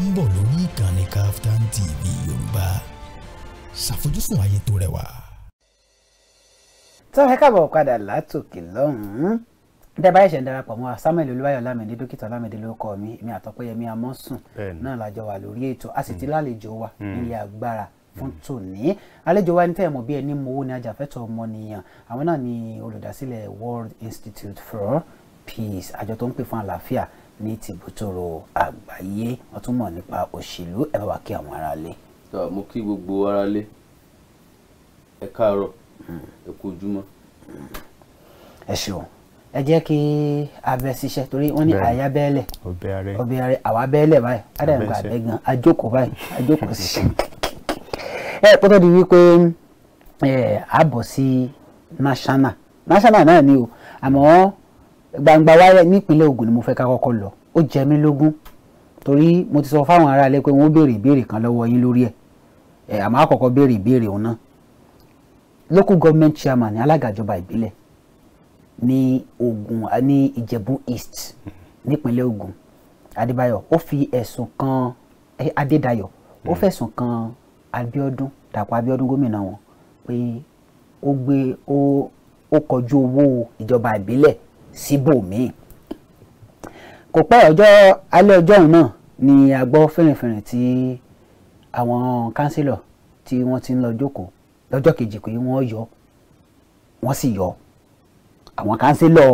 ń bọ̀ lórí ìkànnì Kaftan TV Yorùbá ṣàfojúsùn ayé tó rẹwà. tó fẹ́ káàbọ̀ padà látòkè lọ́hùn-ún dẹ́bàá ẹ̀ṣẹ̀ ń darapọ̀ mọ́ Samuel Olúwayọ̀ Ọlámídé dókítà Ọlámídé lórúkọ mi èmi àtọ́pẹ́yẹmí Amọ́sùn náà lájọ wà lórí ètò a sì ti mm. lálejò wa mm. nílé agbára fún mm. tòní àlejò wa ní tẹ́ ẹ̀ mọ̀ bí ẹni mowó ni ajàfẹ́tọ̀ ọmọnìyàn àwọn náà ni olùdásílẹ̀ World Institute for Peace àjọ tó ń pè fún àlàáfíà ní tìbútòrò àgbáyé wọ́n tún mọ̀ nípa òṣèlú ẹ bá wa kí àwọn aráalé. mo kí gbogbo aráalé ẹ káàárọ̀ hmm. ẹ kú ojúmọ́. ẹ ṣeun ẹ jẹ́ kí abẹ ṣiṣẹ́ torí wọ́n ní àyà bẹ́ẹ̀lẹ̀ ọbẹ̀ ààrẹ àwa bẹ́ẹ̀lẹ̀ báyìí adàgbà abẹ́ gan ajókòó báyìí ajókòó ṣiṣẹ́. ẹ kó tó di wípé àbọ̀ sí national national náà ni o àmọ́ gbangba wáyé nípínlẹ̀ Ògùn ni mo fẹ́ ká kọ́kọ́ lọ ó jẹ mí lógún torí mo ti sọ fáwọn aráalé pé wọ́n béèrè ìbéèrè kan lọ́wọ́ yín lórí ẹ̀ àmọ́ àkọ́kọ́ béèrè ìbéèrè òun náà local government chairman alága ìjọba ìbílẹ̀ ní Ògùn ní Ìjẹ̀bú East nípínlẹ̀ Ògùn Adébáyọ̀ ó fi ẹ̀sùn kan Adédayọ̀ ó hmm. fẹ̀sùn kan Abíọ́dún Dàpọ̀ Abíọ́dún gómìnà wọn pé ó gbé ó kọjú owó ìjọba ìbílẹ̀ síbòmíì kò pẹ́ ọjọ́ alẹ́ ọjọ́ òun náà ni a gbọ́ fìrìnfìrìn tí àwọn kánsílọ̀ tí wọ́n ti ń lọ jókòó lọ́jọ́ kejì pé wọ́n yọ wọ́n sì yọ àwọn kánsílọ̀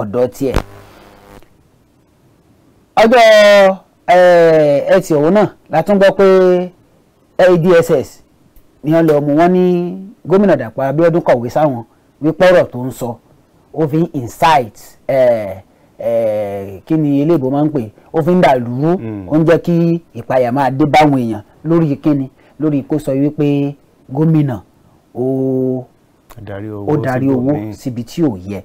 ọ̀dọ́ tiẹ̀ ọjọ́ eh, ẹtì ọ̀hún náà la tún gbọ́ pé adss ni wọ́n lọ mú wọn ní gómìnà Dàpọ̀ Abíọ́dún kọ̀wé sáwọn wípé ọ̀rọ̀ tó ń sọ so ó fi incite kí ni eléèbó máa ń pè ó fi ń dàlú hmm. ó ń jẹ́ kí ìpayà máa dé báwọn èèyàn lórí kíni lórí kó sọ wípé gómìnà ó darí owó síbi tí ò yẹ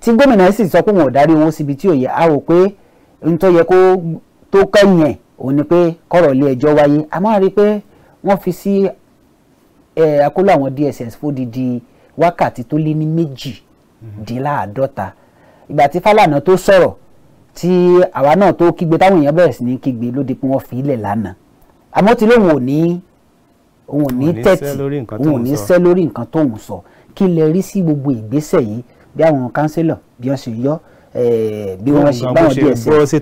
tí gómìnà sì sọ pé wọn ò darí owó síbi tí ò yẹ a rò pé n tó yẹ kó tó kẹ́yìn ẹ̀ òun ni pé kọ́rọ̀ ilé ẹjọ́ wáyé a máa rí i pé wọ́n fi sí eh, akóló àwọn DSS fódìdí wákàtí tó lé ní méjì dín láàdọ́ta ìgbà tí Fálànà tó sọ̀rọ̀ tí àwa náà tó kígbe táwọn èèyàn bẹ̀rẹ̀ sí ní kígbe ló di pé wọ́n fi ilẹ̀ lánàá àmọ́ tí lóun ò ní òun ò ní tẹ́tì òun ò ní sẹ́ lórí nǹkan tóun sọ kí lẹ rí sí gbogbo ìgbésẹ̀ yìí bí àwọn kánsílọ̀ bí wọ́n ṣe yọ bí wọ́n ṣe báwọn díẹ̀ sí bó ṣe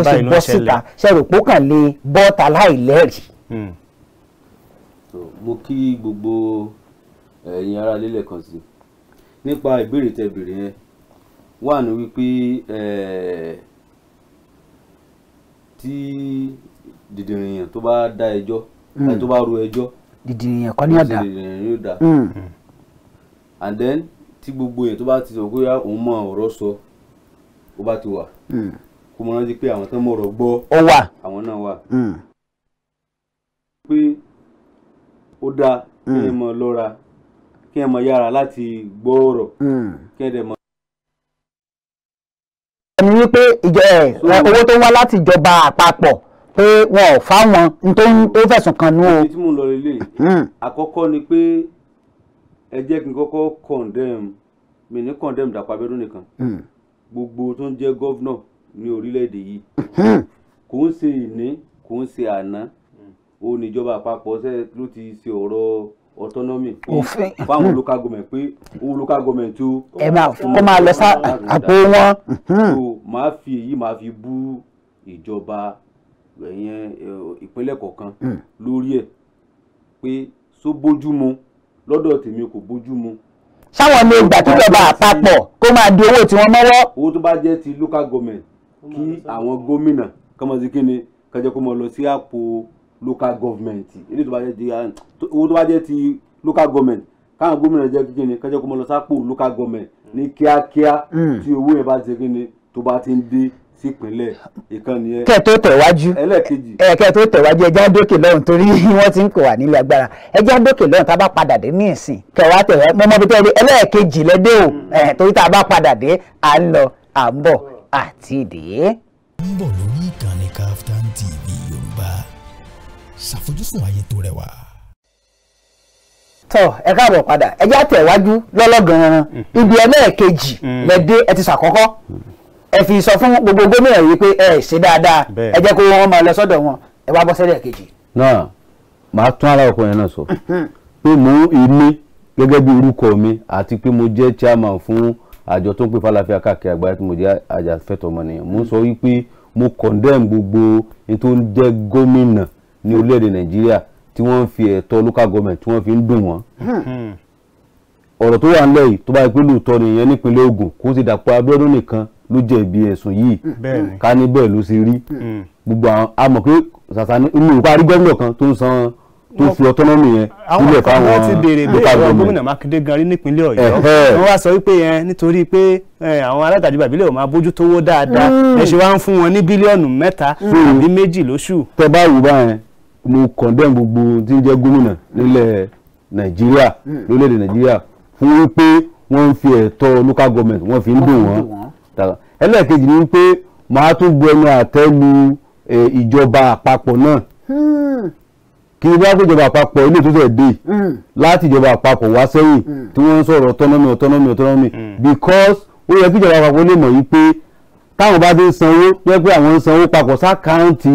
bọ́ síta ṣe rò pó kàn lè bọ́ta láì lẹ́rìí. Hmm. mo kí gbogbo ẹ̀yin aráalé lẹ́ẹ̀kan sí i nípa ìbéèrè tẹ béèrè yẹn wà ní wípé tí dìdìrìn yẹn tó bá dá ẹjọ́ hmm. tó bá ro ẹjọ́ dìdìrìn yẹn kọ́ ní ọ̀dà dìdìrìn yẹn yóò dà hmm. hmm. and then tí gbogbo yẹn tó bá ti sọ pé ah, òun mọ ọ̀rọ̀ sọ ó bá ti wà kó mọ rántí pé àwọn tó mọ̀rọ̀ gbọ́ ó wà àwọn náà wà pé ó dáa kí ẹ lọ́ra kí ẹ mọ̀ yára láti gbòòrò hmm. kí ẹ dẹ̀ mọ̀. ẹ̀mí wípé owó tó wá láti ìjọba àpapọ̀ pé wọn ò fáwọn tó fẹ̀sùn kan nú o. ibi tí mo lọ lélẹ̀ hmm. àkọ́kọ́ ni pé ẹ jẹ́ kí n kọ́kọ́ condemn mi ní condemn Dàpọ̀ nìkan hmm. gbogbo tó ń jẹ́ gọ́vnọ̀ ní orílẹ̀-èdè yìí kò ń ṣe ìní kò ń ṣe àná àpapọ̀ ṣe ló ti ṣe ọ̀rọ̀ autonomy òfin fáwọn local government pé owó local government tó. ẹ máa kó máa lọ sá àpò wọn. Hmm. so màá fi èyí màá fi bú ìjọba ẹ̀yẹn eh, ìpínlẹ̀ kọ̀ọ̀kan hmm. lórí ẹ̀ pé só bójúmu lọ́dọ̀ tèmi kò bójúmu. sáwọn ni ìgbà tó jọba àpapọ̀ kó máa di owó tí wọ́n mọ́wọ́. owó tó bá jẹ́ ti local government kí àwọn gómìnà kọ́mọ sí kíni kájọ kó mọ lọ sí àpò local government eléyìí tó bá jẹ́ ti ah, owó tó bá jẹ́ ti local government káwọn gómìnà jẹ́ kí kíni kẹ́jọ́ kó mọ lọ sápò local government ní kíákíá hmm. tí owó yẹn bá ti kíni tó bá ti ń dé sípínlẹ̀ ìkànnì ẹ. kẹ́ ẹ tó tẹ̀wájú ẹlẹ́ẹ̀kejì. ẹ kẹ́ ẹ tó tẹ̀wájú ẹja dókè lọ́hùn torí wọ́n ti ń kọ̀ wá nílé agbára ẹja dókè lọ́hùn tá a bá padà dé ní ìsìn kẹ́ ẹ wá tẹ̀wá mo mọ bí tẹ́ ẹ dé ẹlẹ́ẹ̀kejì lẹ́dẹ̀ o torí tá a bá padà dé à ń lọ à ń bọ̀ àti ìdè. ń bọ̀ lórí ìkà ṣàfojúsùn ayé tó rẹwà. tọ ẹ káàbọ̀ padà ẹ já tẹ̀wájú lọ́lọ́gàn-an mm-hmm. ibi ẹlẹ́ẹ̀kejì mm-hmm. lẹ́dẹ́ ẹ ti ṣàkọ́kọ́ ẹ fi sọ fún gbogbo gómìnà yìí pé ẹ ṣe dáadáa ẹ jẹ́ kó wọ́n máa lọ sọ́dọ̀ wọn ẹ wá bọ́ sẹ́lẹ̀ kejì. náà màá tún ara ọkùnrin náà sọ mm-hmm. pé mò ń èmi bí orúkọ mi àti pé mo jẹ́ chairman fún àjọ tó ń pè fàlàfíà káàkiri àgbáyé tí mo jẹ́ àjàfẹ́tọ̀ọ́ mo sọ wípé mo condemn gbogbo ní tó gómìnà ní orílẹ̀-èdè nàìjíríà tí wọ́n ń fi ẹ̀tọ́ local government tí wọ́n fi ń dùn wọ́n. ọ̀rọ̀ tó wà nílẹ̀ yìí tó bá yẹ pé lóòótọ́ nìyẹn nípínlẹ̀ Ògùn kó sì Dàpọ̀ Abíọ́dún nìkan ló jẹ̀bi ẹ̀sùn yìí ká ní bẹ́ẹ̀ ló ṣe rí hmm. Hmm. gbogbo àwọn amọ̀ pé sàṣà ní inú ìpa rí gómìnà kan tó ń san tó fi autonomy yẹn sílẹ̀ fáwọn àwọn kan ti ò máa bójú tówó dáadáa hmm. ẹ ṣe wá ń fún wọn ní bílíọ̀nù mẹ́ta àbí méjì lóṣù. tẹ báyìí báyẹn mo condemn gbogbo tí ń jẹ́ gómìnà nílẹ̀ nàìjíríà hmm. lórílẹ̀‐èdè nàìjíríà fún wípé wọ́n ń fi ẹ̀tọ́ local government wọ́n fi ń dùn wọ́n ẹlẹ́ẹ̀kejì ni pé màá tún bu ẹnu àtẹ́ lu e, ìjọba àpapọ̀ náà hmm. kí ni bá péjọba àpapọ̀ ilé tó fẹ́ dé hmm. láti ìjọba àpapọ̀ wá sẹ́yìn tí wọ́n ń sọ̀rọ̀ autonomy autonomy autonomy because ó yẹ kí ìjọba àpapọ̀ lè mọ̀ yí pé táwọn bá ti ń sanwó jẹ́ pé àwọn ń sanwó papọ̀ sákàǹtì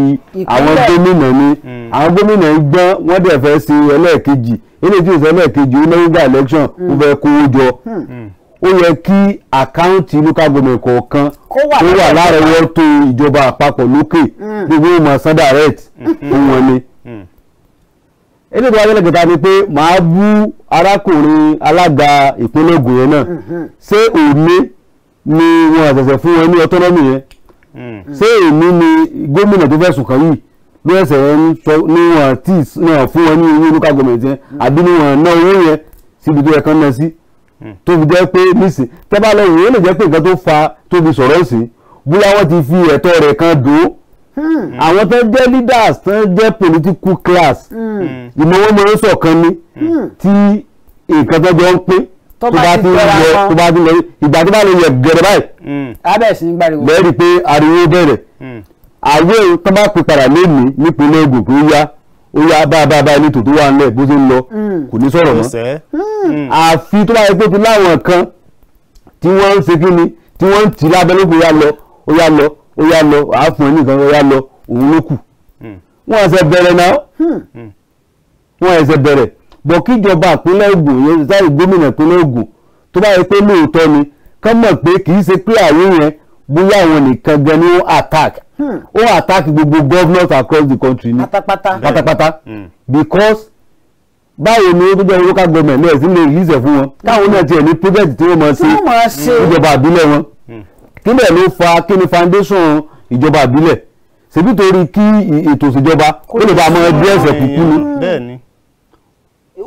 àwọn gómìnà ni mm. àwọn gómìnà ń gbọ́n wọ́n dẹ̀ fẹ́ ṣe ẹlẹ́ẹ̀kejì eléyìí ìṣẹ́ ẹlẹ́ẹ̀kejì olóyìnbá election ó mm. fẹ́ kówó jọ hmm. mm. ó yẹ kí àkáǹtì local government kọ̀ọ̀kan kó wà lárọ̀ọ́wọ́tó ìjọba àpapọ̀ lókè hmm. gbogbo ìmọ̀ san direct òun mm-hmm. ni eléyìí tó wáyé lẹ́gbẹ̀ta ni pé màá bú arákùnrin alága ìpínlẹ̀ Ògùn yẹn náà hmm. ṣé òun ní ni wọn àṣẹ̀ṣẹ̀ fún wọn ní autonomy yẹn hmm. ṣé èmi ni gómìnà tó fẹ̀sùn kàn yìí bí ẹsẹ̀ rẹ ń sọ níwọ̀n tí náà fún wọn ní owó local government yẹn hmm. àbí níwọ̀n náà owó yẹn síbi tó yẹ kán náà sí hmm. tó fi jẹ́ pé nísìn tẹ́bá lẹ́yìn yóò lè jẹ́ pé nǹkan tó fa tó fi sọ̀rọ̀ sí bóyá wọ́n ti fi ẹ̀tọ́ rẹ̀ kan dò ó àwọn tó jẹ́ leaders tó jẹ́ political class ìmọ̀ ń sọ̀kan ni tí nǹkan tó jọ ń pín tó bá ti yẹ tó bá ti lọ ìgbà tó bá lè yẹ gẹrẹ báyìí. abẹ́sí ń gbàdúgbò. bẹ́ẹ̀ ni pé ariwo bẹ̀rẹ̀ àwọn hmm. tó bá pè padà lónìí nípínlẹ̀ Ògùn tó yá ó yá báabáa ní tòótọ́ wà nílẹ̀ bó ṣe ń lọ hmm. kò ní sọ̀rọ̀ mọ́. Hmm. àfi tó bá yẹ pé ti láwọn kan tí wọ́n ń ṣe kíni tí wọ́n ń tì lábẹ́ ló pé ó yá lọ ó yá lọ ó yá lọ àáfọ̀n nìkan ó yá lọ òun ló kù. wọ́n ẹsẹ̀ bẹ̀rẹ̀ náà wọ́n ẹsẹ̀ bẹ̀rẹ̀ bọ̀ kíjọba ìpínlẹ̀ Ògùn yẹn sáré gómìnà ìpínlẹ̀ Ògùn tó bá yẹ pé lóòótọ́ ni ká mọ̀ pé kì í ṣe pé àwọn yẹn bóyá àwọn nìkan gan ni ó attack hmm. ó attack gbogbo governors across the country ni pátápátá hmm. Hmm. because báwo ni ó tó jẹ́ local government náà sí lè release fún wọn káwọn náà tiẹ̀ ní project tí wọ́n mọ̀ sí ìjọba àbílẹ̀ wọn kí lẹ̀ ló fa kí ni foundation ìjọba àbílẹ̀ ṣèbí torí kí ètò ìṣèjọba ó lè bá ọmọ ẹgbẹ́ ẹ̀sẹ̀ kúkú ni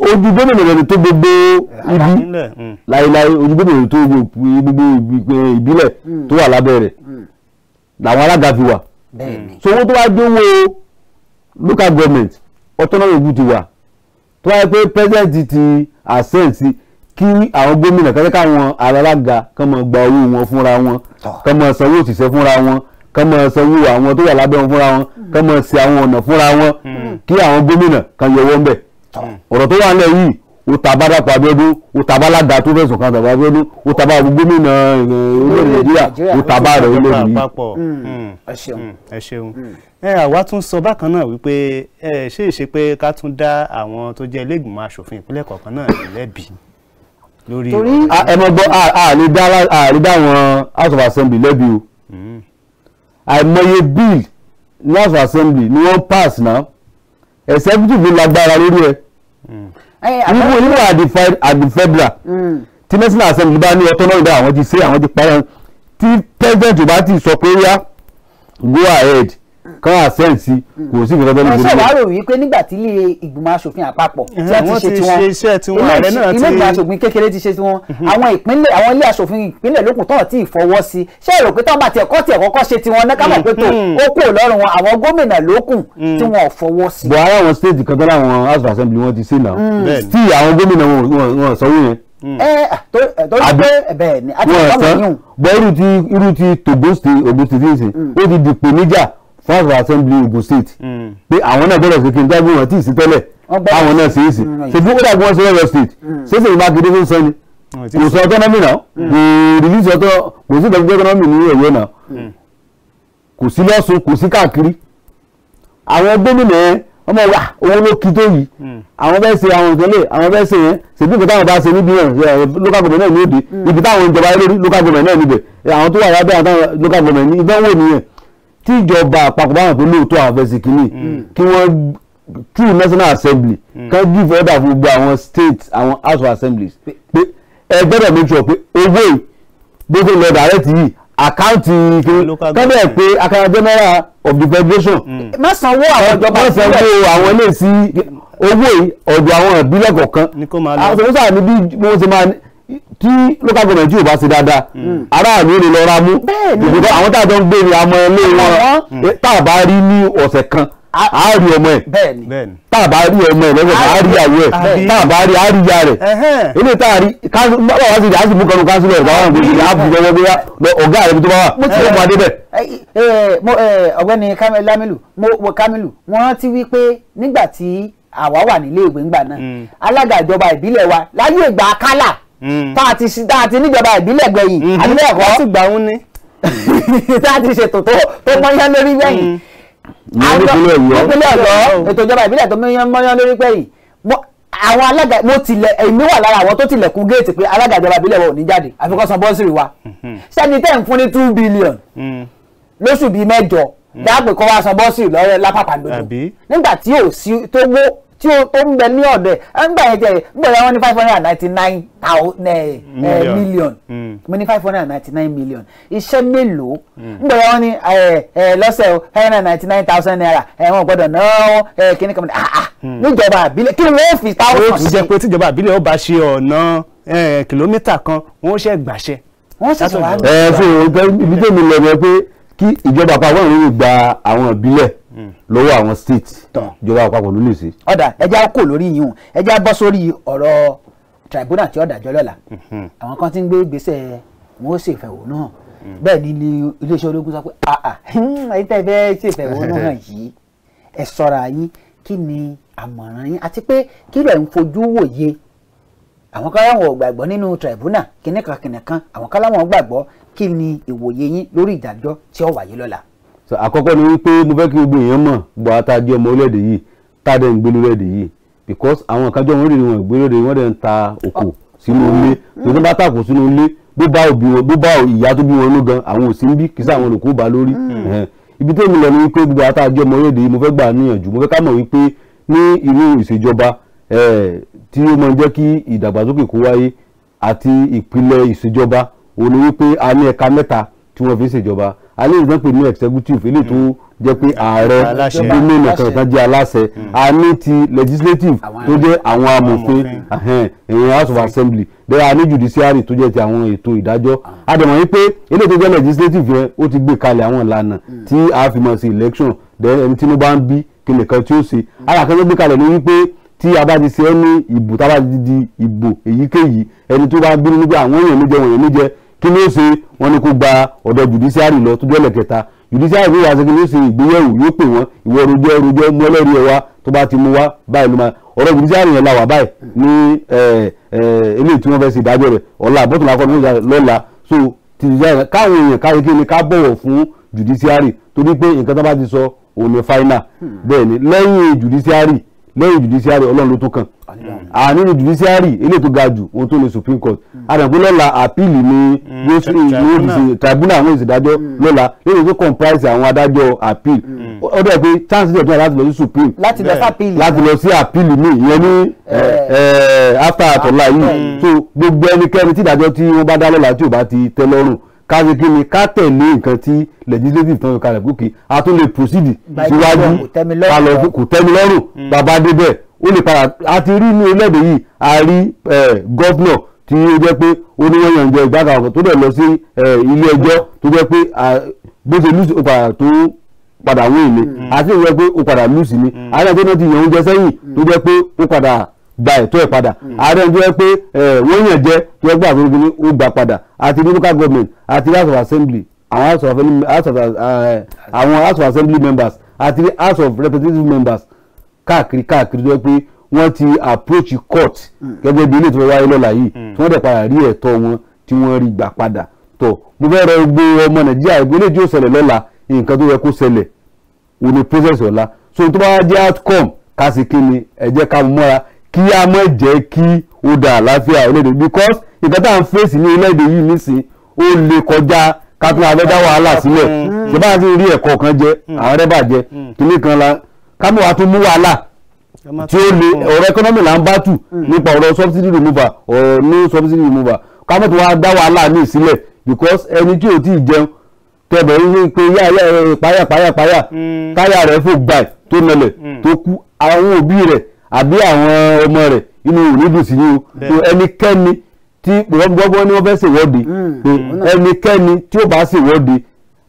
ojú gómìnà rẹ̀ tó gbogbo ibi láéláé ojú gómìnà tó gbogbo ìbílẹ̀ hmm. tó wà lábẹ́ rẹ̀ hmm. làwọn alága fi wà so owó tó wá dé owó local government autonomy ogun ti wà tó wáyé pé president ti accent sí kí àwọn gómìnà kẹ́kẹ́ káwọn alága kán máa gba owó wọn fúnra wọn kán máa sanwó òṣìṣẹ́ fúnra wọn kán máa sanwó àwọn tó wà lábẹ́ wọn fúnra wọn kán máa ṣe àwọn ọ̀nà fúnra wọn hmm. kí àwọn gómìnà kan yọwọ́ ń bẹ̀ ọ̀rọ̀ tó wà nílẹ̀ yìí ó ta bá Dàpọ̀ Abíọ́dún ó ta bá ládàá tó fẹ̀sùn kan Dàpọ̀ Abíọ́dún ó ta bá gómìnà ilẹ̀ eh, Nàìjíríà ó ta bá rẹ̀ ilẹ̀ yìí. Mm. Mm. Mm. ẹ ṣeun ẹ ṣeun ẹ àwa tún sọ bákan náà wípé ẹ ṣe é ṣe pé ká tún dá àwọn tó jẹ́ ilégbìmọ̀ asòfin ìpínlẹ̀ kọ̀ọ̀kan náà lẹ́bi lórí. torí ẹ mọ gbọ́ àlè dá àwọn house of assembly lẹ́bi o àìmọye bill ní house of assembly ni wọ́n pass náà executive lágbára lórí ẹ irú onímọ̀ àdìfẹ́bìlà tí national assembly bá ní ọtọ́ náà dá àwọn ti ṣe àwọn ti parẹ́ tí president bá ti sọ pé yá go ahead Mm. káà sẹ́ǹsì mm. kò sí ìgbésẹ̀ bẹ́ẹ̀ lórí. wọ́n ṣèwárò wípé nígbà tí ilé ìgbìmọ̀ asòfin àpapọ̀ eh, tí a ti ṣe tiwọn ilé ìgbìmọ̀ asòfin kékeré ti ṣe tiwọn mhm. àwọn ìpínlẹ̀ àwọn ilé asòfin ìpínlẹ̀ lókun tán ti fọwọ́ sí ṣé èrò pé tán bá tiẹ̀ kọ́ tiẹ̀ kọ́kọ́ ṣe tiwọn náà kámọ̀ pé tó mhm. ó kú lọ́rùn wọn àwọn gómìnà lókun mhm. tí wọn ò fọwọ́ sí. bọ̀ ara àwọn stéèjì kan tán láwọn house of assembly mm. wọn ti five assembly Ogun State hmm. pé àwọn náà gbọ́dọ̀ sí kí n jágbó wọn tí ì sí tẹ́lẹ̀ àwọn náà sì í sí hmm. ṣùgbọ́n ó dàgbọ́n sí lọ́yọ̀ state hmm. ṣéṣe ìmákindé tó ń sọ ni kò sọ autonomy náà kò release ọtọ kò sí ìdọ́gbẹ́ autonomy ní Ọ̀yọ́ náà kò sí lọ́sùn kò sí káàkiri àwọn gómìnà yẹn ọmọ wa òun ló kí tó yìí àwọn bẹ́ẹ̀ ṣe àwọn ìtọ́lẹ̀ àwọn bẹ́ẹ̀ ṣe yẹn ṣèbí nǹkan táwọn bá ṣe níbi yẹn local government náà ní èdè ibi táwọn ìjọba lórí local government náà níbẹ̀ àwọn tó wà lábẹ́ àwọn local government ní ìdánwò nìyẹn tí ìjọba àpapọ̀ bá wọn pé lóòótọ́ àwọn fẹ́ sí kínní mm. kí wọ́n through national assembly mm. kan give order fún gbogbo àwọn states àwọn house of assemblies pé ẹ gbọ́dọ̀ make sure pé owó bó ṣe lọ direct yìí àkáǹtì kọ́dọ̀ pé akara general of the federation. Mm. má sanwó àwọn ìjọba sílẹ̀ má sanwó àwọn ilé sí owó ọ̀dọ̀ àwọn ìbílẹ̀ kọ̀ọ̀kan àwọn sọ̀rọ̀ sáà ní bí wọ́n ṣe máa tí local government yóò bá ṣe dáadáa hmm. aráàlú lè lọ ra mú ìdìbò àwọn tá a jọ ń gbé ni àmọ́ ilé wọn hmm. tá a bá rí ní ọ̀sẹ̀ kan a rí ọmọ ẹ̀ tá a bá rí ọmọ ẹ̀ lọ́wọ́ a rí àwọ̀ ẹ̀ tá a bá rí a rí ya rẹ̀ ilé tá a rí báwa wá sí ìdásí bukọ̀nù kánsílẹ̀ báwa ń gbé a bù lọ́wọ́ bóyá ọ̀gá rẹ̀ tó bá wà ó mọ adé bẹ̀. ọ̀gbẹ́ni Kamilu mo Kamilu wọ́n rántí wípé nígbà tí àwa wà nílé ìwé ńgbà náà hmm. alága ìjọba ìbílẹ̀ wa láyé ìgbà kálà Mm. tá a ti ṣe tá a ti níjọba ìbílẹ̀ gbẹ̀yìn mm-hmm. àbí bẹ́ẹ̀ kọ́ láti gbà wọn ní tá a ti ṣètò tó tó mm. mọ́yán lórí gbẹ̀yìn mm. ìpínlẹ̀ ọ̀yọ́ ètò ìjọba ìbílẹ̀ tó mọ́yán lórí gbẹ̀yìn àwọn alága mo tilẹ̀ èmi wà lára àwọn tó tilẹ̀kùn géètì pé alága ìjọba ìbílẹ̀ wa ò ní jáde àfikún san bọ́sìrì wa mm-hmm. sẹ́ni tẹ́ ń fún ní two billion lóṣù bíi mẹ́jọ dáàbò kọ́ wa san bọ́sìrì lọ́rẹ́ lápapàdodo nígbà tí ò sí tó wó tí ó tó ń bẹ ní ọ̀dọ̀ ẹ̀ ńgbà yẹn tẹ̀ gbọ́dọ̀ wọn ní five hundred and ninety nine eh, million hmm. mo ní five hundred and ninety nine million iṣẹ́ mélòó hmm. gbọ́dọ̀ wọn ní eh, eh, lọ́sẹ̀ o five hundred and ninety nine thousand naira wọn gbọ́dọ̀ náà kíní kan ah, ah, hmm. níjọba àbílẹ̀ kí wọ́n fi thousand sí. ó jẹ́ pé tíjọba àbílẹ̀ ó bá ṣe ọ̀nà kìlómítà kan wọ́n ṣe gbàṣẹ. wọ́n sì sọ wá. ẹ fún mi ibi tó mi lọ bẹ pé kí ìjọba àpapọ̀ ìlú gba àwọn ìbílẹ̀ lọ́wọ́ àwọn state ìjọba àpapọ̀ ló lè ṣe. ọ̀dà ẹja kò lórí yìí hùn ẹja bọ́ sórí ọ̀rọ̀ tribunal tí ó dájọ́ lọ́la mhm. àwọn kan ti ń gbé ìgbésẹ̀ wọn ó ṣèfẹ̀hónú hàn mm. bẹ́ẹ̀ ni iléeṣẹ́ ológun sọ pé àà hmm, ẹ̀yin tẹ́ fẹ́ ṣèfẹ̀hónú hàn yìí ẹ ṣọ́ra yín kí ni àmọ̀ràn yín àti pé kí lẹ̀ ń fojú wòye àwọn kan láwọn ò gbàgbọ́ nínú tribunal kìnìkan kìnìkan àwọn kan láwọn ò gbàgbọ́ kí ni ìwòye yín lórí ìdájọ́ tí ó wáyé lọ́la àkọ́kọ́ ni wípé mo fẹ́ kí gbogbo èèyàn mọ̀ gbọ́ ata di ọmọ orílẹ̀-èdè yìí tá a dẹ̀ ń gbé lórílẹ̀-èdè yìí because àwọn ìkájọ́ wọn rèé wọn ìgbélódé wọn dẹ̀ ń ta òkò sínú ilé tó mm-hmm. tó bá tàkò sínú ilé bó bá òbí wọn bó bá ìyá tó bí wọn ló gan àwọn òsín bí kì í sáwọn olùkó bá lórí mm-hmm. ibi tó ń lọ ni wípé gbogbo ata di ọmọ orílẹ̀-èdè yìí mo fẹ́ gbà níyànjú mo fẹ́ ká mọ̀ wípé ní irú ìṣèjọba tí ó máa ń jẹ́ kí ìdàgbàsókè kó wáyé àti ìpìlẹ̀ ìṣèjọba òun ni wípé a ní ẹ̀ka mẹ́ta tí wọ́n fi ń ṣèjọba alẹ́ ìgbọ́n pè ní executive eléyìí tó hmm. jẹ́ pé ààrẹ gómìnà kankan jẹ́ aláṣẹ hmm. a ní ti legislative tó jẹ́ àwọn amòfin ẹ̀yìn house of hmm. assembly bẹ́ẹ̀ a ní judiciary tó jẹ́ ti àwọn ètò ìdájọ́ ah. a dẹ̀ mọ̀ yín pé eléyìí tó jẹ́ legislative yẹn ó ti gbé kalẹ̀ àwọn ìlànà tí a fi mọ̀ sí election then ẹni tí mo bá ń bí kí nìkan tí ó ṣe ara kan ló gbé kalẹ̀ ní wípé tí a bá ti ṣe ẹni ìbò tá a bá ti di ìbò èyíkéyìí ẹni tó bá bínú nígbà àwọn èèyàn méjẹ wọ̀nyẹn méjẹ kí ló ṣe wọ́n ní kó gba ọ̀dọ̀ judiciary lọ tó jẹ́ lẹ́kẹta judiciary yóò wá sí kí ló ṣe ìgbéyẹ̀wò yóò pè wọ́n ìwọ rojọ́ rojọ́ mú ẹlẹ́rìí ẹ̀ wá tó bá ti mú wá báyìí ló máa ọ̀rọ̀ judiciary yẹn la wà báyìí ní eléyìí tí wọ́n fẹ́ ṣe ìdájọ́ rẹ̀ ọ̀la bọ́tùlá kọ́ lọ́la so judiciary káwọn èèyàn káwọn kí ni ká bọ̀wọ̀ fún judiciary torí pé nǹkan tó bá ti sọ òun ni final hmm. bẹ́ẹ̀ ni judiciary lẹ́yìn judiciary ọlọ́run ló tó kàn à ah, nínú judiciary eléyìí tó ga jù ohun tó ní supreme court àdàpọ̀ hmm. lọ́la àpíìlì ni hmm. yóò fi tribunal àwọn ìṣèdájọ́ hmm. lọ́la lẹ́yìn tó comprise àwọn adájọ́ àpíìlì ó dẹ̀ pé chance ìjọba láti lọ sí supreme láti lọ sí àpíìlì láti lọ sí àpíìlì mi ìyẹn ní eh. Eh, eh, after àtọ̀lá yìí so gbogbo ẹnikẹ́ni tí ìdájọ́ tí wọ́n bá dá lọ́la tí ò bá ti tẹ́ lọ́rùn káṣe kí ni ká tẹ̀lé nǹkan tí legislative tán fi kalẹ̀ gòkè a tún lè proceed síwájú kò tẹ́mi lọ́rùn hmm. bàbá débẹ̀ ó lè padà a ti rí ní orílẹ̀-èdè yìí a rí eh, gọ́fúnà tí ó jẹ́ pé ó ní wọ́n yànjẹ́ ìgbàgbà ọ̀kan tó dẹ̀ lọ sí eh, ilé ẹjọ́ tó jẹ́ pé bó ṣe lùsì ó padà tó padà wọ́n ìlé àti ìwé pé ó padà lùsì ni àyàgbé hmm. náà ti yàn oúnjẹ sẹ́yìn hmm. tó jẹ́ pé ó gba ẹ̀tọ́ ẹ̀ padà hmm. ààrẹ ń jẹ́ pé wọ́n yàn jẹ́ wọ́n gbà fún mi ó gbà padà àti local government àti house of assembly àwọn house of àwọn house of assembly members àti house of representative members káàkiri káàkiri tó yẹ pé wọ́n ti approach court hmm. gẹ́gẹ́ bí ilé ìtura wáyé lọ́la yìí hmm. tí wọ́n dẹ̀ padà rí ẹ̀tọ́ wọn tí wọ́n rí gbà padà tó mo fẹ́ rọ gbogbo ọmọ nàìjíríà ìgbélé tí ó ṣẹlẹ̀ lọ́la nǹkan tó yẹ kó ṣẹlẹ̀ òní process ọ̀la so tó bá jẹ́ outcome ká sì kí ni ẹ ká mọ́ra kí a má jẹ́ kí ó da àlàáfíà orílẹ̀-èdè because ìgbà tá à ń fèsì ní orílẹ̀-èdè yìí nísìn ó lè kọjá ká tún abẹ́dá wàhálà sílẹ̀ mm. ṣé bá ti rí ẹ̀kọ́ kan jẹ mm. àwọn rẹ́bà jẹ mm. kìnnì kan la ká mọ̀ wá tún mú wàhálà tí ó lè ọ̀rọ̀ ẹkọ́nọ́mì là ń bá tù nípa ọ̀rọ̀ subsidy remover ọ̀rọ̀ no subsidy remover ká mọ̀ tún wá dá wàhálà ní ìsílẹ̀ because ẹni tí ò tí ì jẹun tẹ̀bẹ̀ ń pe yáyà ìpáyà ìpáyà ìpáyà táyà rẹ̀ fò gbà tó nọlẹ̀ tó kú àwọn òbí rẹ̀ àbí àwọn ọmọ rẹ̀ inú òní dùn sí yín o ẹnikẹ́ni tí gbọ́gbọ́n ni wọ́n fẹ́ ṣèwọ́de mm. ẹnikẹ́ni tí ó bá ṣèwọ́de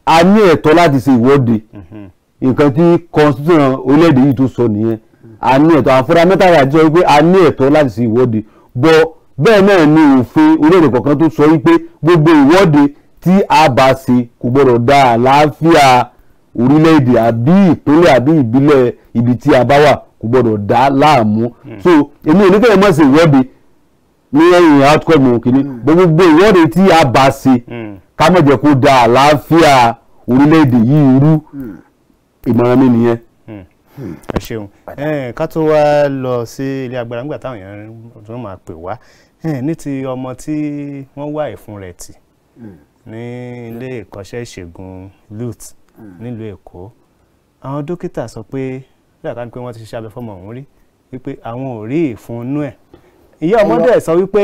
a ní ẹ̀tọ́ láti ṣèwọ́de mm-hmm. nǹkan tí constitution orílẹ̀-èdè yìí tó sọ nìyẹn a ní ẹ̀tọ́ àfúrá mẹ́tàlá àti sọ wípé a ní ẹ̀tọ́ láti ṣèwọ́de bọ́ bẹ́ẹ̀ náà ni òfin orílẹ̀-èdè kọ̀ọ̀kan tó sọ wípé gbogbo ìwọ́de tí a bá ṣe kò gbọ́dọ̀ dá àlàáfíà orílẹ̀-èdè àbí ìpínlẹ̀ àbí ìbílẹ̀ ibi tí a bá wà kò gbọ́dọ̀ dá láàmú so èmi ò ní kẹ́lẹ́ mọ̀ sí ìwọ́de ní ẹ̀yìn outcome òkìní hmm. gbogbo ìwọ́de tí a bá ṣe hmm. ká má jẹ́ kó da àlàáfíà orílẹ̀-èdè yìí rú hmm. ìmọ̀ràn mi nìyẹn ẹ ṣeun ká tó wá lọ sí ilé agbára nígbà táwọn èèyàn tó máa pè wá ní ti ọmọ tí wọ́n wá ìfun rẹ̀ tì ní ilé ìkọ́ṣẹ́ ìṣègùn lut nílùú èkó àwọn dókítà sọ pé dáàkà ni pé wọ́n ti ṣiṣẹ́ abẹ fọ́mọ ọ̀hún rí wípé àwọn ò rí ìfúnnú ẹ̀ ìyá ọmọ dẹ̀ sọ wípé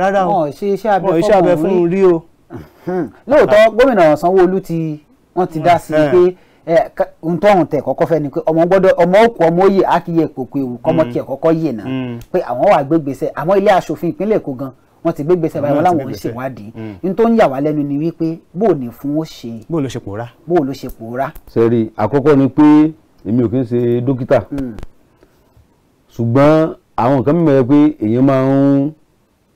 rárá o wọ́n iṣẹ́ abẹ fún un rí o. lóòótọ́ gómìnà Sanwó-Olú ti wọ́n ti dá sí i pé ntọ́hún tẹ̀ kọ́kọ́ fẹ́ ni pé ọmọ gbọ́dọ̀ ọmọ òkú ọmọ òye àkìyẹ kòkò ewu kọ́mọ mm. tiẹ̀ kọ́kọ́ yè náà mm. pé àwọn wà gbégbèsè àmọ́ ilé asòfin ìpínlẹ̀ Èkó gan wọ́n ti gbégbèsè báyìí wọ́n láwọn ń ṣèwádìí mm. n ń yà wá lẹ́nu ni wípé bó o ní fún ó ṣe. bó o ló ṣe pòórá. bó ló ṣe pòórá. sẹ́rí àkọ́kọ́ ni pé èmi ò kí ń ṣe dókítà hmm. ṣùgbọ́n àwọn nǹkan mímọ̀ yẹ pé èèyàn máa ń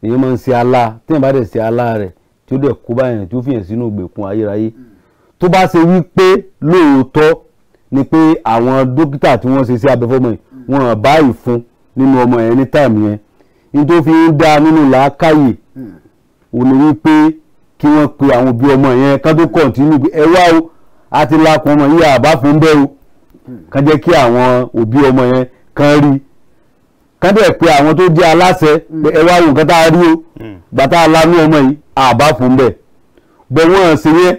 èèyàn máa ń ṣe ala tí èèyàn bá dẹ̀ ṣe ala rẹ̀ tí ó dẹ̀ kó báyẹn tí ó fìyàn sínú ìgbèkùn ayérayé hmm. tó bá ṣe wí pé lóòótọ́ ni pé àwọn dókítà tí wọ́n ṣe sí abẹ́fọ́mọ yìí hmm. wọ́n hàn báyìí fún nínú ọmọ yẹn ní táìmù yẹn ní tó fi ń dá nínú làákàyè ò ní wí pé kí wọ́n pe àwọn òbí ọmọ yẹn ká tó kọ̀ǹtínú ẹ wá o àti lakùn ọmọ yìí àbáfẹ́ ń o kán jẹ́ kí àwọn òbí ọmọ yẹn kán rí kán dẹ̀ pé àwọn tó jẹ́ aláṣẹ pé ẹ wá wo nǹkan tá rí o hmm. bàtà aláàánú ọmọ yìí àbá fún bẹ́ẹ̀ bọ́ wọ́n ṣe yẹn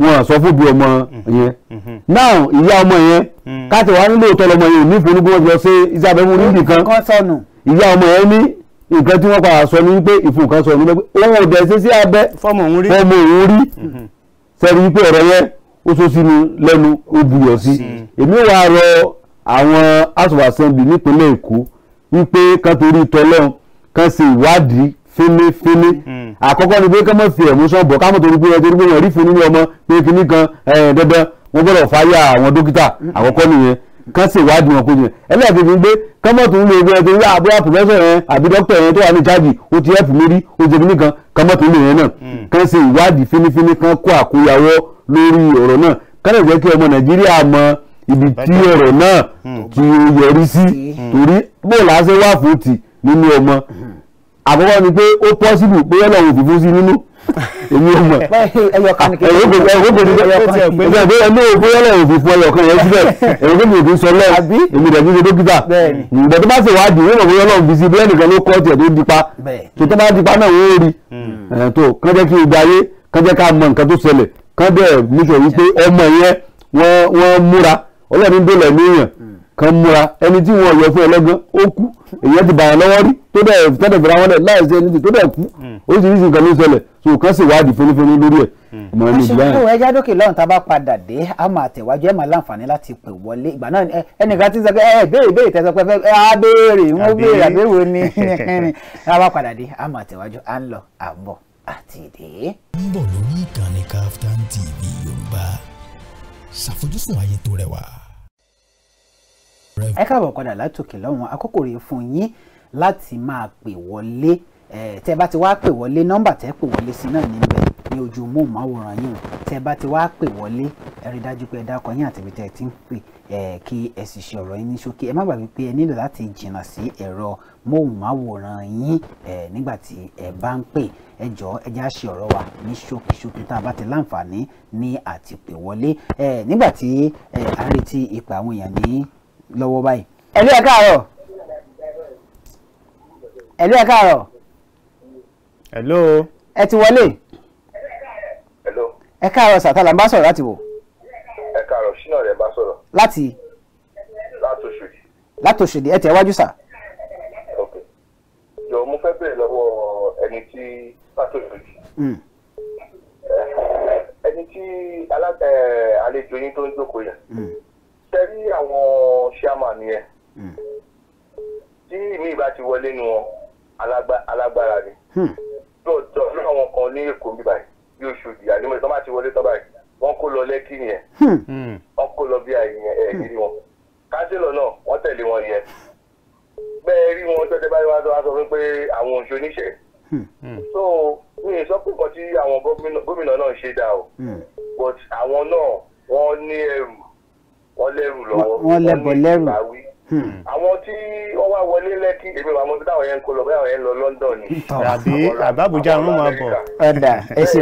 wọ́n sọ fún bí ọmọ yẹn hmm. náà ìyá ọmọ yẹn hmm. káàtì wà nílò ìtọ́ lọmọ yẹn nífẹ̀ẹ́ onígbó wọn jọ ṣe iṣẹ́ abẹ́mú níbì kan ìyá ọmọ yẹn ní nǹkan tí wọ́n padà sọ ní pé ìfúnkan sọ ní pé òun ò dẹ̀ ṣe sí abẹ́ fọmọ òun rí sẹ́ni pé ọ̀rọ̀ yẹn ó so sínú lẹ́nu ó buyọ̀ sí mm. èmi wàá rọ àwọn house assembly nípínlẹ̀ èkó wípé kan torí tọlọ́n kan ṣe ìwádìí fínífíní mm. àkọ́kọ́ ni pé kán mọ̀ fi ẹ̀músàn bọ̀ kámọ̀ torí pé ẹjọ́ pé wọ́n rí fún nínú ọmọ pé kinní kan eh, dandan wọ́n gbọ́dọ̀ fáyà àwọn dókítà mm. àkọ́kọ́ nìyẹn kán ṣe ìwádìí wọn kó yẹn ẹlẹ́ẹ̀kejì ń gbé kán mọ̀ tún lè gbé ẹjọ́ pé àbúrò pòfẹ́sọ̀ ah, yẹn àbí dókítà yẹn tó wà ní ìjáàjì ó ti ẹ̀fù mi rí ó jẹ́ kinní kan kán mọ̀ tún lè yẹn náà kán ṣe ìwádìí fínífíní kán kó àkóyawọ́ lórí ọ̀rọ̀ náà kálẹ̀ jẹ́ kí ọmọ nàìjíríà mọ ibi tí ọ̀rọ̀ náà tí ó yọrí sí torí bóòlù àṣẹ wà fún ti nínú ọmọ àkọ́kọ́ ni pé ó pọ́sibù pé ọlọ́run òfìfú sí nínú èmi ò mọ̀ ẹ̀yọ̀kan kìí ṣe pé ẹ̀mí ò pé ọlọ́run òfìfú ẹ̀yọ̀kan yẹn síbẹ̀ ẹ̀rọ tó kìí sọ lẹ́ẹ̀ èmi rẹ̀ níṣe dókítà ìgbà tó bá ṣe wádìí wọ́n mọ̀ pé ọlọ́run fi sí bí ẹnìkan ló kọ́ tiẹ̀ tó dipa tó tó bá dipa náà wọ́n rí tó kán jẹ́ kí n gbáyé kán jẹ́ ká mọ nǹkan tó ṣẹlẹ̀ kán dẹ̀ níṣẹ́ wípé ọmọ yẹn wọ́n wọ́n múra ọlọ́run délẹ̀ níyàn kan múra ẹni tí wọ́n yọ fún ẹlẹ́gán ó kú èyàn ti bàyàn lọ́wọ́ rí tó dẹ̀ tẹ́tẹ̀ fìlà wọn lẹ̀ láì ẹni tó dẹ̀ kú hmm. oríṣiríṣi nǹkan ló ṣẹlẹ̀ so kán sì wádìí fúnifúni lórí ẹ̀ aṣojú hmm. ẹja dókè lọ́run tá a bá padà dé a máa tẹ̀wájú ẹ máa láǹfààní láti pè wọlé ìgbà náà ẹnìkan ti sọ pé ẹ béèrè béèrè tẹ̀sán pé ẹ á béèrè ń béèrè àbẹ̀wò ni a bá padà dé a máa tẹ̀wájú à ń lọ à àti èdè. ń bọ̀ lórí ìkànnì Kaftan TV Yorùbá ṣàfojúsùn ayé tó rẹwà. ẹ káàbọ̀ padà látòkè lọ́hùn àkókò rèé fún yín láti máa pè wọlé tẹ́ bá ti wá pè wọlé nọ́mbà tẹ́ pè wọlé sí náà níbẹ̀ ní ojú móhùnmáwòrán yìí tẹ́ bá ti wá pè wọlé ẹ rí dájú pé ẹ dákọ yín àtibítẹ́ ti ń pè kí ẹ sì ṣe ọ̀rọ̀ yín ní ṣókí ẹ má gbàgbé pé ẹ nílò láti jìnnà sí ẹ̀rọ móhùnmáwòrán yín nígbà tí ẹ bá ń pè ẹ jọ̀ọ́ ẹ já ṣe ọ̀rọ̀ wa ní ṣókíṣókí tá a bá ti láǹfààní ní àtìpè wọlé nígbà tí a ń retí ìpè àwọn èèyàn ní lọ́wọ́ báyìí. ẹ̀lú ẹ̀ káàárọ̀ ẹ̀lú ẹ̀ káàárọ̀. ẹ̀lú. ẹ ti wọlé. ẹ̀lú. ẹ káàárọ̀ sàtàlà ń bá sọ̀rọ̀ láti wò láti. látòṣèdì. látòṣèdì ẹ tẹ̀ wájú sà. ok jọ mo fẹ́ bẹ̀rẹ̀ lọ́wọ́ ẹni tí látòṣèdì. Hmm. Eh, ẹni tí eh, àlejò yín tó ń jókòó yẹn. tẹ́rí hmm. àwọn chairman yẹn. Hmm. tí mi ìbá ti wọlé nu wọn alágbára ni. lóòótọ́ ní àwọn kan ní èkó bíbáyìí bí oṣù dìyà ni ìtọ́ bá ti wọlé tọ́ báyìí wọ́n kó lọ lẹ́kì yẹn hmm. Hmm. wọ́n kó lọ bí ẹ̀yìn hmm. wọn kánsílọ̀ náà wọ́n tẹ̀lé wọn yẹn bẹ́ẹ̀ rí wọn tọ́jú báyìí wọ́n sọ fún pé àwọn oṣù oníṣẹ́ so mi ì sọ pé nǹkan tí àwọn gómìnà náà ṣe dá o but àwọn náà wọ́n ní ẹrù wọ́n lẹ́rù lọ́wọ́ wọ́n lẹ́bọ̀ lẹ́rù àwọn tí wọ́n wá wọlé lẹ́kì èmi àwọn tí táwọn yẹn ń kó lọ bẹ́ẹ̀ àwọn yẹn ń lọ London ni. àbí àbábùjá ń máa bọ̀. ọ̀dà ẹ ṣe.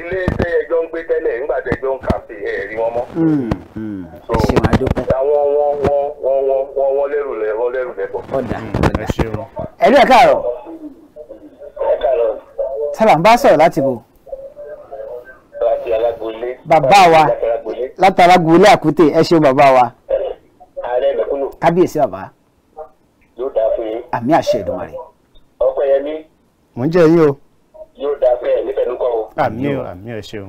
ilé tẹ ẹjọ́ ń gbé tẹ́lẹ̀ nígbà tẹ ẹjọ́ ń kàfé ẹ̀ rí wọn mọ́. Hmm, hmm. ẹ ṣe wọn àdókò. àwọn wọn wọn wọn wọn wọn wọn lẹ́rù lẹ́ wọn lẹ́rù lẹ́ bọ̀. ọ̀dà hmm, ọ̀dà ẹ̀rí ẹ̀ káàrọ̀. sálà ń bá sọ̀rọ̀ láti bò. láti alágbolé. bàbá wa látara gbolé àkútè ẹ ṣeun bàbá wa kábíyèsí bàbá. yóò dáa fún yín. àmì àṣẹ Èdùmàrè. ọkọ yẹn ní. mò ń jẹ yín o. yóò dáa fún ẹ nífẹ̀ẹ́nukọ o. àmì o àmì ẹ ṣeun.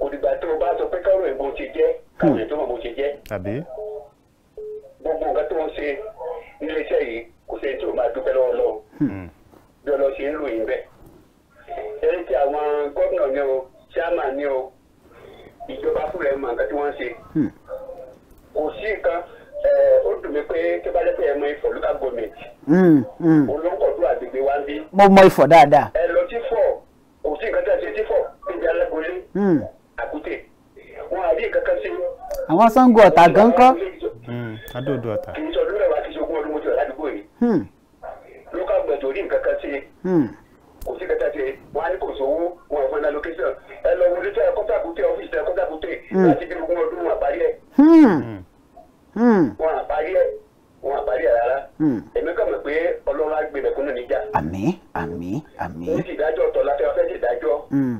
kò dìgbà tó o bá sọ pé káwọn èèbò ti jẹ káwọn èèbò mọ̀ bó ti jẹ. àbí. gbogbo nǹkan tó ń ṣe nílé iṣẹ́ yìí kò sẹ́ni tí o máa dúpẹ́ lọ́wọ́ lọ́wọ́ hmm. bí ọlọ́ ṣe ń lò yín bẹ́ẹ̀. ẹni tí àwọn gómìnà ni o chairman ni o ìjọba fúnra ẹ̀ mọ̀ nǹkan tí wọ́n ń ṣe. Hmm. kò sí nǹkan ni pé tó bá jẹ́ pé ẹ mọ Ifọ̀ local government. Hmm, hmm. olóńkọ̀ tó àgbègbè wa ń bí. mo mọ Ifọ̀ dáadáa. ẹ lọ tí fọ kò sí nǹkan tí a ṣe tí fọ níbi alágbólé. Hmm. àkútè wọn àrí nǹkan kan sí. àwọn Ṣàngó Ọ̀tà gan kọ́. adóodò Ọ̀tà. kì í sọ lórí ẹ̀wà àtijọ́ ogún ọdún mo ti wà ládùúgbò yìí. local government ò rí nǹkan kan sí. kò sí nǹkan tí a ṣe wọn á ní kò sówó wọn ò fún allocation ẹ lọ wọlé tó ẹ kọ́tà kútẹ́ ọ́fíìsì ẹ kọ́tà kútẹ́ láti bí ogún Hmm. wọn àparí ẹ wọn àparí ẹ rárá hmm. èmi kàn mọ̀ pé ọlọ́run á gbé mẹ̀kúnnù níjà. àmín àmín àmín. ó sì dájọ́ ọ̀tọ̀ láfẹ́ ọ̀fẹ́ sì dájọ́. Hmm.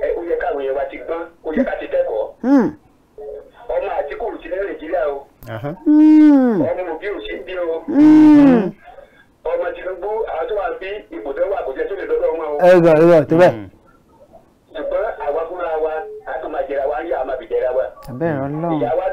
ẹ ó yẹ káwọn yẹn wá ti gbọ́n ó yẹ ká ti kẹ́kọ̀ọ́. ọmọ àtìkù ò sí ní nàìjíríà o. ọmọ òbí ò sí bí o. ọmọ tinubu àwọn tó wà bí ipò tó wà kò jẹ́ tó lè lọ́dọ̀ wọn o. ẹ gbọ́ ẹ gbọ́ tó bẹ́ẹ̀ ṣùgbọ́n àwa fúnra wa a tún máa jẹra wa ń yà á máa fi jẹra wa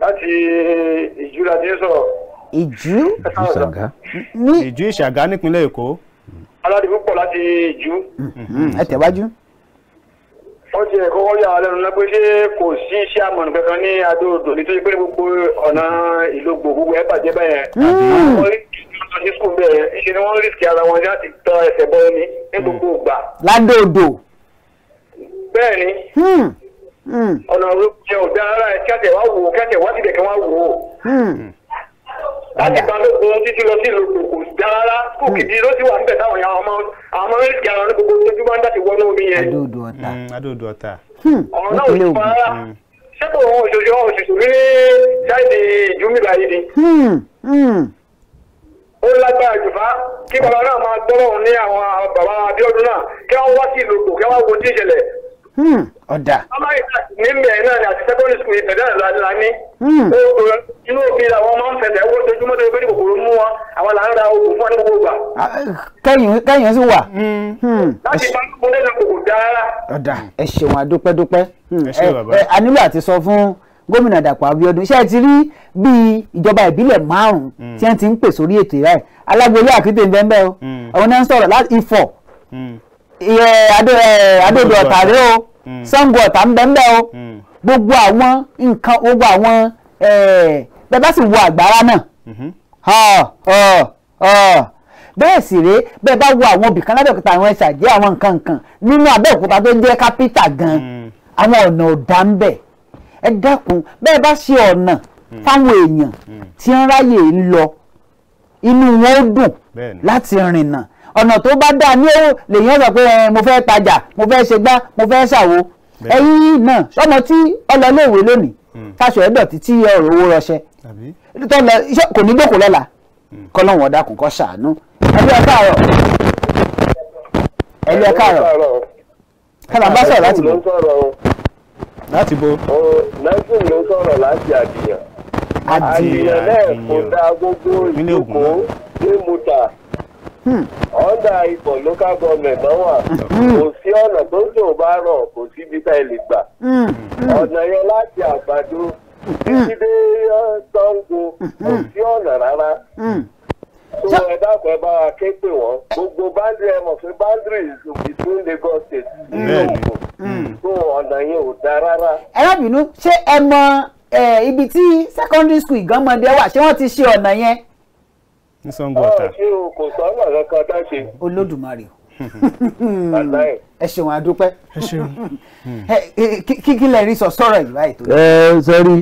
láti ìjú la ti ń sọ̀rọ̀. ìjú ìṣàgá. ní ìjú ìṣàgá nípínlẹ̀ èkó. aládìbò pọ̀ láti ìjú. Mm-hmm. ẹ tẹ̀wájú. wọ́n ti ẹ̀kọ́ wọ́n yà á náà pé ṣé kò sí iṣẹ́ amọ̀nù kankan ní adó odò nítorí pé gbogbo ọ̀nà ìlógbò gbogbo ẹ̀ bàjẹ́ bẹ́yẹn. Mm-hmm. ní skul bẹ́ẹ̀ ṣe ni wọ́n rìsíkì ara wọn láti tọ ẹsẹ̀ bọ́ ẹni ní mm. gbogbo ìgbà. ládò bẹ́ẹ̀ ni. Hmm. Hmm. ọ̀nà òkè ọ̀dà ara ẹ̀ kẹ́tẹ̀ wá wò kẹ́tẹ̀ wá síbẹ̀ kí wọ́n wò ó. láti hmm. balógun títí lọ sí ìlú kòkò dára kò hmm. kìdí ló sì wà níbẹ̀ táwọn yà ọmọ àwọn méjì ara ní gbogbo tójú máa ń dàtí wọnú omi yẹn. adóòdù ọ̀tà. adóòdù ọ̀tà. ọ̀rọ̀ náà ò sí pa ara sẹ́kọ̀ọ́ ohun òṣòṣò ohun òṣòṣò ní sáìdì ìjúmìlà yìí ni ó lágbára jùfá kí bàbá náà máa gbọ́rọ̀ ní àwọn bàbá Abíọ́dún náà kí wọ́n wá sí ìlú kí wọ́n wo tí ìṣẹ̀lẹ̀ Hmm. ọ̀dà. ọmọ ìta nílẹ̀ náà ni àti secondary school ìfẹ̀ náà la la ní. Hmm. inú òbí la wọn máa ń fẹsẹ̀ owó tojúmọ́ tó yẹ pé kòkòrò mú wọn àwọn là ń ra oògùn fún wọn ní gbogbo ìgbà. Ah, kẹ́yìn kẹ́yìn sì wà. Hmm. láti bá gbogbo náà kò dára. ọ̀dà ẹ ṣeun adúpẹ́ dúpẹ́ a nílò àti sọ fún gómìnà Dàpọ̀ Abíọ́dún ṣé ẹ ti rí bí ìjọba ìbílẹ̀ márùn-ún tí wọ́n ti ń pè sórí ètò ìráyè alágbèlé àkìtè ń bẹ́ẹ̀ bẹ́ẹ̀ o àwọn náà ń sọ̀rọ̀ Ifọ̀ adódò ọ̀tà rẹ o Ṣàngó hmm. ọ̀tà ń bẹ ń bẹ o hmm. gbogbo àwọn nǹkan gbogbo àwọn eh, bẹ́ẹ̀ bá sì wo àgbára náà mm-hmm. bẹ́ẹ̀ sì rèé bẹ́ẹ̀ bá wo àwọn ibìkan lábẹ́òkúta àwọn ẹ̀ṣà jẹ́ àwọn nǹkan nǹkan nínú abẹ́òkúta tó jẹ́ kápítà gan-an hmm. àwọn ọ̀nà ọ̀dà ń bẹ ẹ dákun bẹ́ẹ̀ bá ṣe ọ̀nà fáwọn èèyàn tí ń ráyè ń lọ inú wọn ó dùn láti rìnnà ọ̀nà tó bá dáa ní owó lèyìn sọ pé mo fẹ́ tajà mo fẹ́ ṣe gbá mo fẹ́ ṣàwo ẹ̀yin náà sọmọ tí ọlọléèwé lónìí hmm. káṣọ ẹ̀dọ̀tí tí ọ̀rọ̀ owó rọṣẹ kò ní dókòó lọ́la hmm. kọ́lọ́hún ọ̀dà kò kọ́ ṣàánú ẹlú ẹ káàárọ̀ ẹlú ẹ káàárọ̀ kálá bá sọ̀rọ̀ láti bọ̀ láti bọ̀. nineteen ló sọ̀rọ̀ láti àdìyàn àdìyàn náà kò dá gbogbo ìdókòó dé mú ta. Hmm. under ipò local government náà wà hmm. kò hmm. sí ọ̀nà tó jò bá rọ̀ kò sí ibi tá ẹ lè gbà ọ̀nà yẹn láti àgbàdo títí dé sango uh, kò sí ọ̀nà rárá so ẹ dákun ẹ bá wa ké pè wọ́n gbogbo boundary ẹ mọ̀ pé boundary is between Lagos state ní òkú so ọ̀nà yẹn ò dáa rárá. ẹ rábìnú ṣé ẹ mọ ibi tí secondary school ìgànmọdé wà ṣé wọ́n ti ṣe ọ̀nà yẹn ní Ṣàngó Ọ̀tà. ọ̀ọ́ ah, ṣé o kò sọ́nà kankan tá a ṣe. olódùmarè o ẹ ṣeun adúpẹ́ ẹ ṣeun kí kí lẹ rí sọ sọ̀rọ̀ yìí báyìí tó. ẹ sẹ́rí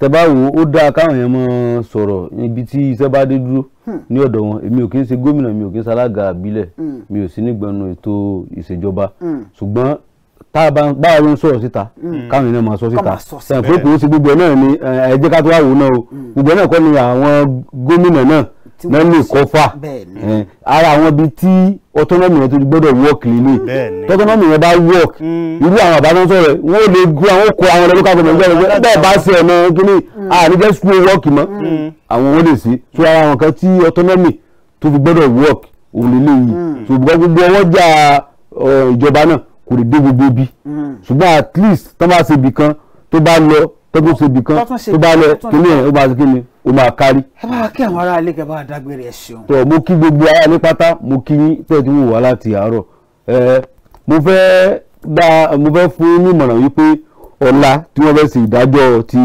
tẹ́bá wo ó dáa káwọn yẹn máa sọ̀rọ̀ ibi tí iṣẹ́ bá dé dúró hmm. ní ọ̀dọ̀ wọn èmi ò kí ń ṣe gómìnà mi ò kí ń ṣe alága àbílẹ̀ hmm. mi ò sí nígbẹ̀nu ètò ìṣèjọba hmm. ṣùgbọ́n tá a bá ń báwa ló ń sọ̀rọ̀ síta mm. káwọn èèyàn máa sọ síta ẹ̀ pé kò sí gbogbo náà ni ẹ jẹ́ ká tó wà wò náà o mm. gbogbo náà kọ́ ni àwọn gómìnà náà náà lè kọ́ fà ara àwọn ibi tí autonomy yẹn tó gbọ́dọ̀ work lélẹ̀ autonomy yẹn bá work mm. irú àwọn àbá náà sọ̀rọ̀ wọn ò lè gbé àwọn kọ àwọn local government gbọ́dọ̀ bẹ́ẹ̀ bá ṣe ọ̀nà kíní àníjẹ́ slow work mọ́ àwọn wọn lè sí so ara àwọn kan tí autonomy tó fi gbọ́dọ̀ work òun lélẹ̀ yìí so gbogbo ọwọ́ jà ìjọba náà kò lè dé gbogbo bí hmm. ṣùgbọ́n at least tó bá ṣe ibì kan tó bá lọ tó tún ṣe ibì tó bá lọ kíní ẹ̀ ó máa ṣe kíni ó máa kárí. ẹ bá wa kí àwọn ará ilé kẹ bá wa dágbére ẹ ṣeun. tọ mo kí gbogbo ará ní pátá mo kí yín tẹ́ ti wò wá láti àárọ̀ ẹ mo fẹ́ dá mo fẹ́ fún yín ní ìmọ̀ràn wípé ọ̀la tí wọ́n fẹ́ ṣe ìdájọ́ ti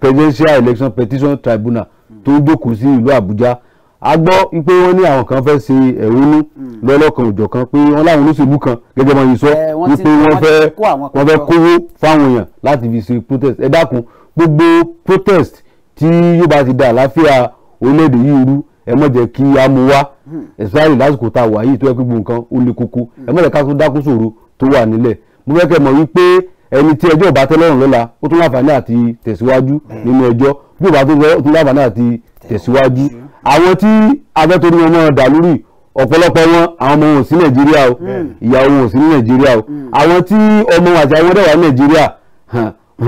presidential election petition tribunal tó jókòó sí ìlú Àbújá a gbọ́ pé wọ́n ní àwọn kan fẹ́ ṣe ẹ̀hónú hmm. lọ́lọ́kan òjọ̀ kan pé wọ́n láwọn olóṣèlú kan gẹ́gẹ́ bá yìí sọ eh, wípé wọ́n fẹ́ wọ́n fẹ́ kówó fáwọn èèyàn láti fi ṣe protest ẹ dákun gbogbo protest tí yóò bá ti da àlàáfíà orílẹ̀-èdè yìí rú ẹ má jẹ́ kí a mú wá hmm. especially lásìkò tá a wà yìí tó yẹ kí gbogbo nǹkan ó le koko hmm. ẹ má jẹ́ ká tún dákú sòro tó wà nílẹ̀ mo fẹ́ kẹ́ mọ̀ wípé ẹni tí ẹjọ́ bá tẹ́ lọ́rùn lọ́la ó tún láǹfààní àti tẹ̀síwájú nínú ẹjọ́ bí ò bá tún láǹfààní àti tẹ̀síwájú àwọn tí abẹ́torí wọn máa dà lórí ọ̀pọ̀lọpọ̀ wọn àwọn ọmọ wọn ò sí nàìjíríà o hmm. ìyàwó wọn ò sí ní nàìjíríà o hmm. àwọn tí ọmọ àti àwọn dẹ̀ wà ní nàìjíríà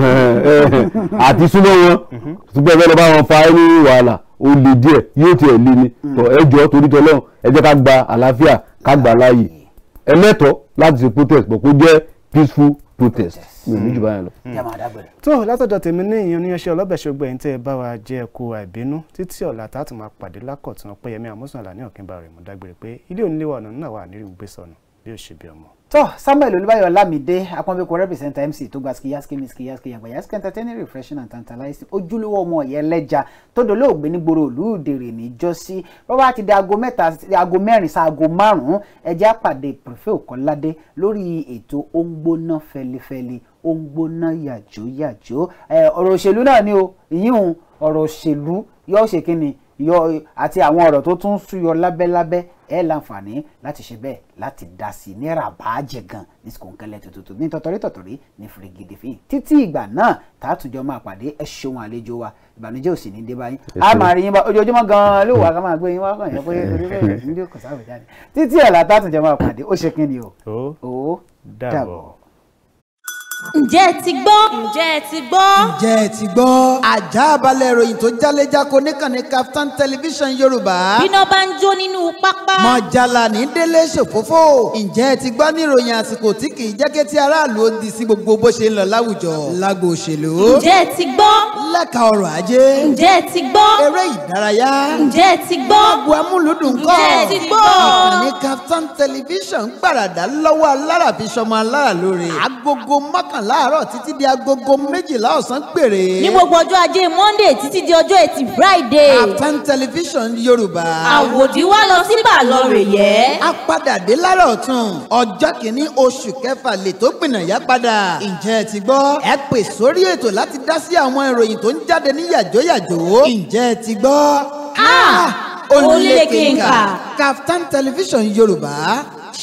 àti súnmọ́ wọn hmm. ṣùgbọ́n ẹgbẹ́ lọ bá wọn fa ẹni wàhálà ó le díẹ̀ yóò tiẹ̀ le ni tọ ẹ jọ torí tọlọ́run ẹ jẹ́ ká gba àlàáfíà ká gbà láàyè ẹlẹ́tọ̀ọ́ láti ṣe protest pọ̀ kó jẹ́ peaceful protest mi ò ní jù báyìí lọ. tó látọ̀dọ̀ tèmi ní ìyẹn oníyanṣẹ́ ọlọ́bẹ̀ṣogbè ẹ̀yìn tẹ́ ẹ bá wa jẹ́ ẹ̀kú àìbínú títí ọ̀la tá a tún máa pàdé lákọ̀tún ọpẹ́yẹmí àmúsùn àlàní ọ̀kínbá rẹ̀ mọ́ dágbére pé ilé oníléwà ọ̀nà náà wà nírìí gbé sọnù bí ó ṣe bí ọmọ. tó samuel olúbáyọ̀ lámìdé apọ́nbẹ́kọ represent mc tó gba skiyaski mi skiyaski yaski entertaining refreshing and tantalizing ojúlówó ọmọ ọ̀yẹ́ ẹlẹ́ja tó dolóògbé nígboro olúùdèrè níjọ́sí bọ́bá ti di aago mẹ́ta aago mẹ́rin sa aago márùn-ún ẹjẹ́ àpàdé prefet ọ̀kọ́ládé lórí ètò ó ń gbóná yàjó yàjó ọ̀rọ̀ òṣèlú náà ni o ìyíhun ọ̀rọ̀ òṣèlú yóò ṣe kí ni yọ àti àwọn ọ̀rọ̀ tó tún súyọ lábẹ́lábẹ́ ẹ láǹfààní láti ṣe bẹ́ẹ̀ láti dá sí i náírà bàájẹ gan ní kòńkẹ́lẹ́ tuntun ní tọ̀tọ̀rí tọ̀tọ̀rí ní fìrìgìdì fìyìn títí ìgbà náà tààtùjọ máa pàdé ẹ ṣeun àlejò wa ìbànújẹ́ ò sì ní dé báyìí a máa rí yín bá ojoojúmọ́ gan-an ló wà ká máa gbé yín wá kàn yín pé orílẹ̀-èdè ní kò sáwé jáde títí ẹ̀ látàtùjọ máa pàdé ó ṣe kí ni o ó dàbọ̀ ǹjẹ́ ẹ ti gbọ́. ǹjẹ́ ẹ ti gbọ́. ǹjẹ́ ẹ ti gbọ́. àjà abalẹ̀ ìròyìn tó jálẹ̀jáko níkànnì Kaftan television yorùbá. bíná bá ń jó nínú pápá. mọ̀jàlá ní délé ṣòfófó. ǹjẹ́ ẹ ti gbọ́ ní ìròyìn àsìkò tí kì í jẹ́ kí ti aráàlú ó di sí gbogbo bó ṣe ń lọ láwùjọ. lágbo òṣèlú. ǹjẹ́ ẹ ti gbọ́. lẹ́ka ọrọ̀ ajé. ǹjẹ́ ẹ ti gbọ́. eré ìdárayá. ǹjẹ́ ẹ ti gbọ́. agbo amúlùdùn kọ́. ǹjẹ́ ẹ ti gbọ́. ìkànnì Kaftan television gbàràdà lọ́wọ́ alára fi ṣọmọ alára lóore. agogo mọ́k mọ́kàn láàárọ̀ títí di agogo méjìlá ọ̀sán péré. ní gbogbo ọjọ́ ajé monday títí di ọjọ́ ẹtì friday. Kaftan television yorùbá. àwòdì wá lọ sí bàlọ́rẹ̀ yẹ. a padà dé lára ọ̀tún ọjọ́ kìíní oṣù kẹfà lè tó gbìnàyà padà. ǹjẹ́ ẹ ti gbọ́? ẹ pè sórí ètò láti dá sí àwọn ìròyìn tó ń jáde ní yàjóyàjó. ǹjẹ́ ẹ ti gbọ́? ah olùlékè Kaftan television yorùbá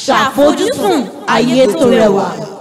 ṣàfojúsùn ayé tó rẹwà.